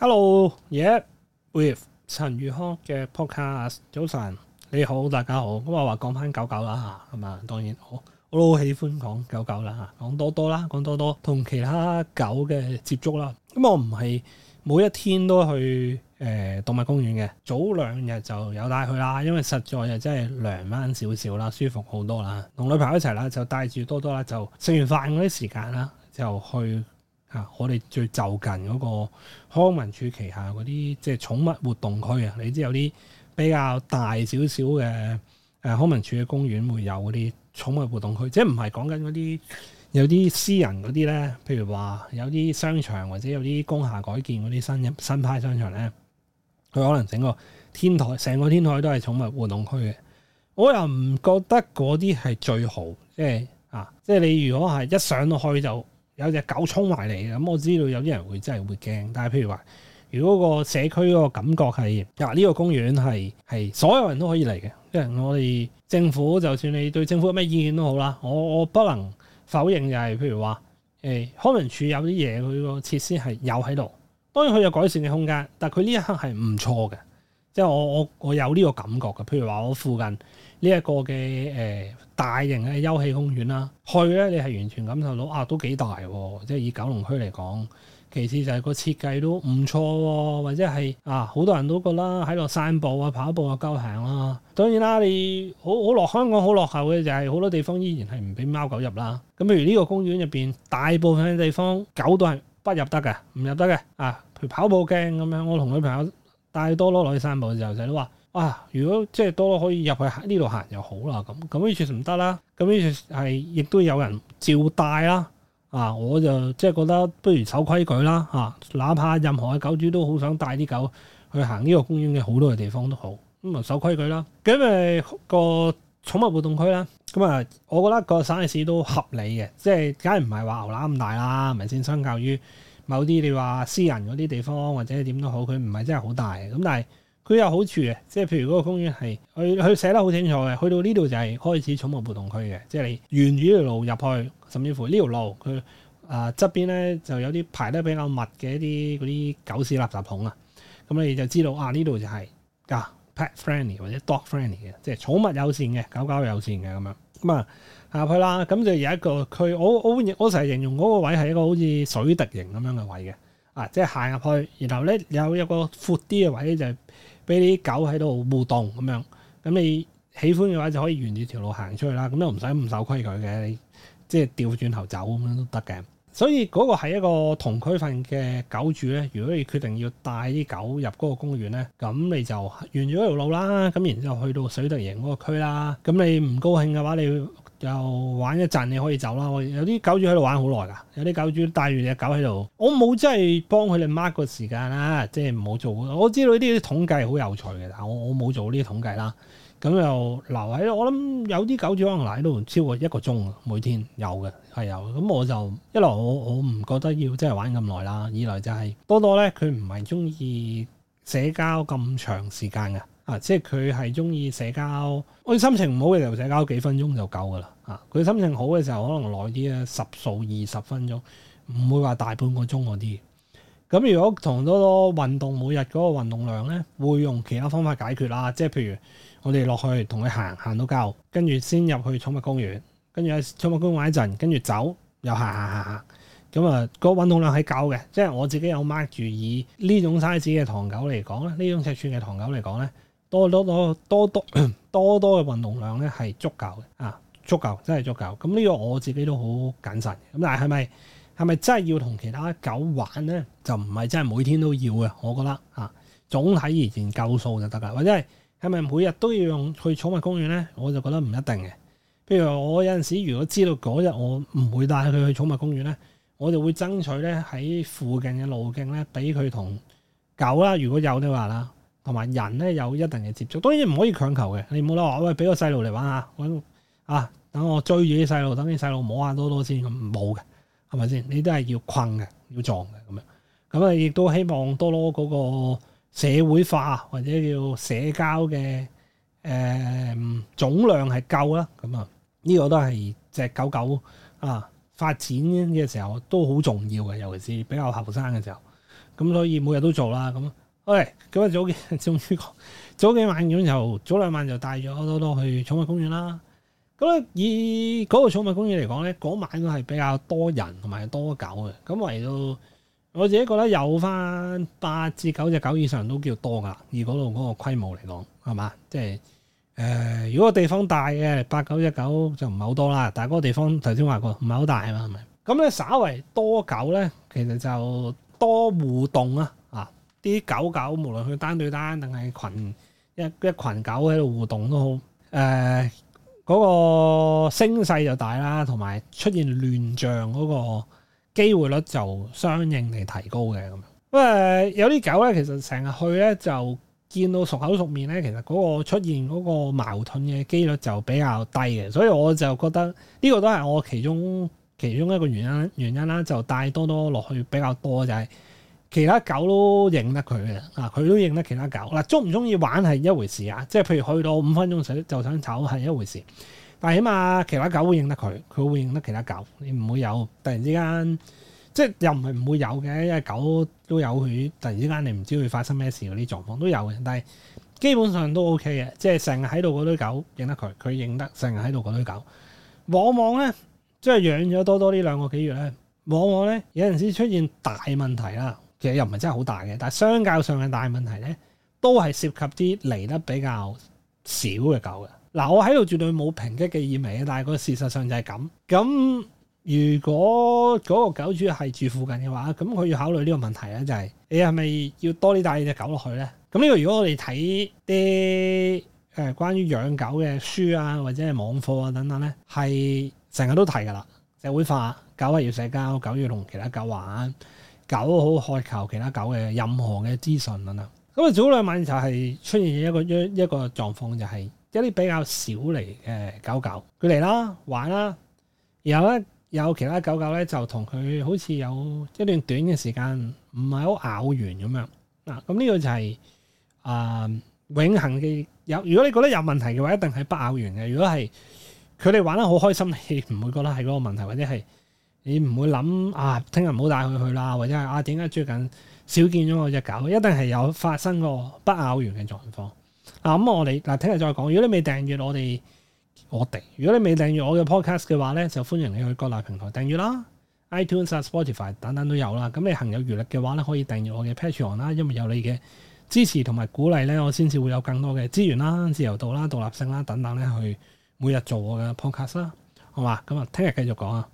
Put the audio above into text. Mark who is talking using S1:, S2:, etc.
S1: Hello，yeah，而家 with 陳宇康嘅 podcast。早晨，你好，大家好。咁我話講翻狗狗啦吓，咁啊，當然我我都好喜歡講狗狗啦吓，講多多啦，講多多同其他狗嘅接觸啦。咁、嗯、我唔係每一天都去誒、呃、動物公園嘅。早兩日就有帶去啦，因為實在就真係涼翻少少啦，舒服好多啦。同女朋友一齊啦，就帶住多多啦，就食完飯嗰啲時間啦，就去。啊！我哋最就近嗰個康文署旗下嗰啲，即係寵物活動區啊！你知有啲比較大少少嘅誒康文署嘅公園會有嗰啲寵物活動區，即係唔係講緊嗰啲有啲私人嗰啲咧？譬如話有啲商場或者有啲工廈改建嗰啲新新派商場咧，佢可能整個天台成個天台都係寵物活動區嘅。我又唔覺得嗰啲係最好，即係啊！即係你如果係一上到去就～有隻狗衝埋嚟嘅，咁我知道有啲人真會真係會驚，但係譬如話，如果個社區嗰個感覺係，嗱、啊、呢、呢個公園係係所有人都可以嚟嘅，即係我哋政府，就算你對政府有咩意見都好啦，我我不能否認就係、是、譬如話，誒、欸、康文署有啲嘢佢個設施係有喺度，當然佢有改善嘅空間，但係佢呢一刻係唔錯嘅，即係我我我有呢個感覺嘅，譬如話我附近。呢、這、一個嘅誒、呃、大型嘅休憩公園啦、啊，去咧你係完全感受到啊，都幾大喎、啊！即係以九龍區嚟講，其次就係個設計都唔錯喎，或者係啊好多人都覺得喺度散步啊、跑步啊、郊行啦、啊。當然啦、啊，你好好落香港好落後嘅就係、是、好多地方依然係唔俾貓狗入啦。咁譬如呢個公園入邊，大部分嘅地方狗都係不入得嘅，唔入得嘅啊！譬如跑步徑咁樣，我同女朋友。帶多多落去散步嘅時候就係都話、啊，如果即係多多可以入去呢度行就好啦，咁咁呢處唔得啦，咁呢處係亦都有人照帶啦。啊，我就即係覺得不如守規矩啦。啊，哪怕任何嘅狗主都好想帶啲狗去行呢個公園嘅好多嘅地方都好，咁啊守規矩啦。咁咪個寵物活動區啦。咁啊，我覺得個 size 都合理嘅，即係梗係唔係話牛腩咁大啦，咪先相較於。某啲你話私人嗰啲地方或者點都好，佢唔係真係好大嘅。咁但係佢有好處嘅，即係譬如嗰個公園係佢寫得好清楚嘅，去到呢度就係開始寵物活動區嘅。即係你沿住條路入去，甚至乎呢條路佢啊側邊咧就有啲排得比較密嘅一啲嗰啲狗屎垃圾桶啊。咁你就知道啊呢度就係，嗱，pet friendly 或者 dog friendly 嘅，即係寵物友善嘅，狗狗友善嘅咁樣。咁、嗯、啊，行入去啦，咁就有一個，佢我我我成日形容嗰個位係一個好似水滴形咁樣嘅位嘅。啊，即係行入去，然後咧有一個闊啲嘅位咧就係俾你啲狗喺度互動咁樣，咁你喜歡嘅話就可以沿住條路行出去啦，咁又唔使唔守規矩嘅，你即係調轉頭走咁樣都得嘅。所以嗰個係一個同區份嘅狗主咧，如果你決定要帶啲狗入嗰個公園咧，咁你就沿住條路啦。咁然之後就去到水滴營嗰個區啦，咁你唔高興嘅話，你就玩一陣，你可以走啦。有啲狗主喺度玩好耐噶，有啲狗主帶完隻狗喺度，我冇真係幫佢哋 mark 個時間啦，即係唔好做。我知道呢啲統計好有趣嘅，但係我我冇做呢啲統計啦。咁又留喺我諗有啲狗主可能留喺度超過一個鐘啊，每天有嘅係有，咁我就一來，我我唔覺得要即係玩咁耐啦，二來就係、是、多多咧佢唔係中意社交咁長時間嘅啊，即係佢係中意社交。我心情唔好嘅時候社交幾分鐘就夠噶啦啊，佢心情好嘅時候可能耐啲啊，十數二十分鐘，唔會話大半個鐘嗰啲。咁如果同多多運動每日嗰個運動量咧，會用其他方法解決啦。即係譬如我哋落去同佢行行到夠，跟住先入去寵物公園，跟住喺寵物公園玩一陣，跟住走又行行行行。咁啊，個運動量係夠嘅。即係我自己有 mark 住，以呢種 size 嘅糖狗嚟講咧，呢種尺寸嘅糖狗嚟講咧，多多多多多多多嘅運動量咧係足夠嘅啊，足夠真係足夠。咁呢個我自己都好謹慎。咁但係係咪？係咪真係要同其他狗玩咧？就唔係真係每天都要嘅。我覺得嚇、啊，總體而言夠數就得噶。或者係係咪每日都要用去寵物公園咧？我就覺得唔一定嘅。譬如我有陣時，如果知道嗰日我唔會帶佢去寵物公園咧，我就會爭取咧喺附近嘅路徑咧，俾佢同狗啦，如果有嘅話啦，同埋人咧有一定嘅接觸。當然唔可以強求嘅。你唔好話喂，俾個細路嚟玩下，我啊等我追住啲細路，等啲細路摸下多多先咁冇嘅。係咪先？你都係要困嘅，要撞嘅咁樣。咁啊，亦都希望多多嗰個社會化或者叫社交嘅誒、呃、總量係夠啦。咁啊，呢、這個都係隻狗狗啊發展嘅時候都好重要嘅，尤其是比較後生嘅時候。咁所以每日都做啦。咁，喂，今日早幾早幾早幾晚咁就早兩晚就帶咗多多去寵物公園啦。咁以嗰個寵物公園嚟講咧，嗰晚都係比較多人同埋多狗嘅。咁為到我自己覺得有翻八至九隻狗以上都叫多噶喇。以嗰度嗰個規模嚟講，係嘛？即係、呃、如果個地方大嘅，八九隻狗就唔係好多啦。但係嗰個地方頭先話過唔係好大啊，係咪？咁咧，稍為多狗咧，其實就多互動啊！啊，啲狗狗無論佢單對單定係群，一一群狗喺度互動都好、呃嗰、那個聲勢就大啦，同埋出現亂象嗰個機會率就相應地提高嘅咁。因為有啲狗咧，其實成日去咧就見到熟口熟面咧，其實嗰個出現嗰個矛盾嘅機率就比較低嘅，所以我就覺得呢個都係我其中其中一個原因原因啦，就帶多多落去比較多就係、是。其他狗都認得佢嘅，啊佢都認得其他狗。嗱、啊，鍾唔鍾意玩係一回事啊，即係譬如去到五分鐘就想走係一回事。但係起碼其他狗會認得佢，佢會認得其他狗。你唔會有突然之間，即係又唔係唔會有嘅，因為狗都有佢突然之間你唔知佢發生咩事嗰啲狀況都有嘅。但係基本上都 OK 嘅，即係成日喺度嗰堆狗認得佢，佢認得成日喺度嗰堆狗。往往咧即係養咗多多呢兩個幾月咧，往往咧有陣時出現大問題啦。其實又唔係真係好大嘅，但係相較上嘅大問題咧，都係涉及啲嚟得比較少嘅狗嘅。嗱，我喺度絕對冇抨擊嘅意味嘅，但係個事實上就係咁。咁如果嗰個狗主係住附近嘅話，咁佢要考慮呢個問題咧，就係、是、你係咪要多啲帶隻狗落去咧？咁呢個如果我哋睇啲誒關於養狗嘅書啊，或者係網課啊等等咧，係成日都提噶啦。社會化，狗係要社交，狗要同其他狗玩。狗好渴求其他狗嘅任何嘅資訊，咁啊早兩晚就係出現一個一一個狀況，就係一啲比較少嚟嘅狗狗佢嚟啦玩啦，然後咧有其他狗狗咧就同佢好似有一段短嘅時間唔係好咬完咁樣嗱，咁呢個就係、是、啊、呃、永恆嘅有，如果你覺得有問題嘅話，一定係不咬完嘅。如果係佢哋玩得好開心，你唔會覺得係嗰個問題或者係。你唔會諗啊，聽日唔好帶佢去啦，或者係啊點解最近少見咗我隻狗？一定係有發生過不咬完嘅狀況。咁、啊嗯、我哋嗱，聽日再講。如果你未訂閱我哋我哋，如果你未訂閱我嘅 podcast 嘅話咧，就歡迎你去各大平台訂閱啦，iTunes、啊、Spotify 等等都有啦。咁、嗯、你行有餘力嘅話咧，可以訂閱我嘅 Patreon 啦，因為有你嘅支持同埋鼓勵咧，我先至會有更多嘅資源啦、自由度啦、獨立性啦等等咧，去每日做我嘅 podcast 啦，好嘛？咁、嗯、啊，聽日繼續講啊！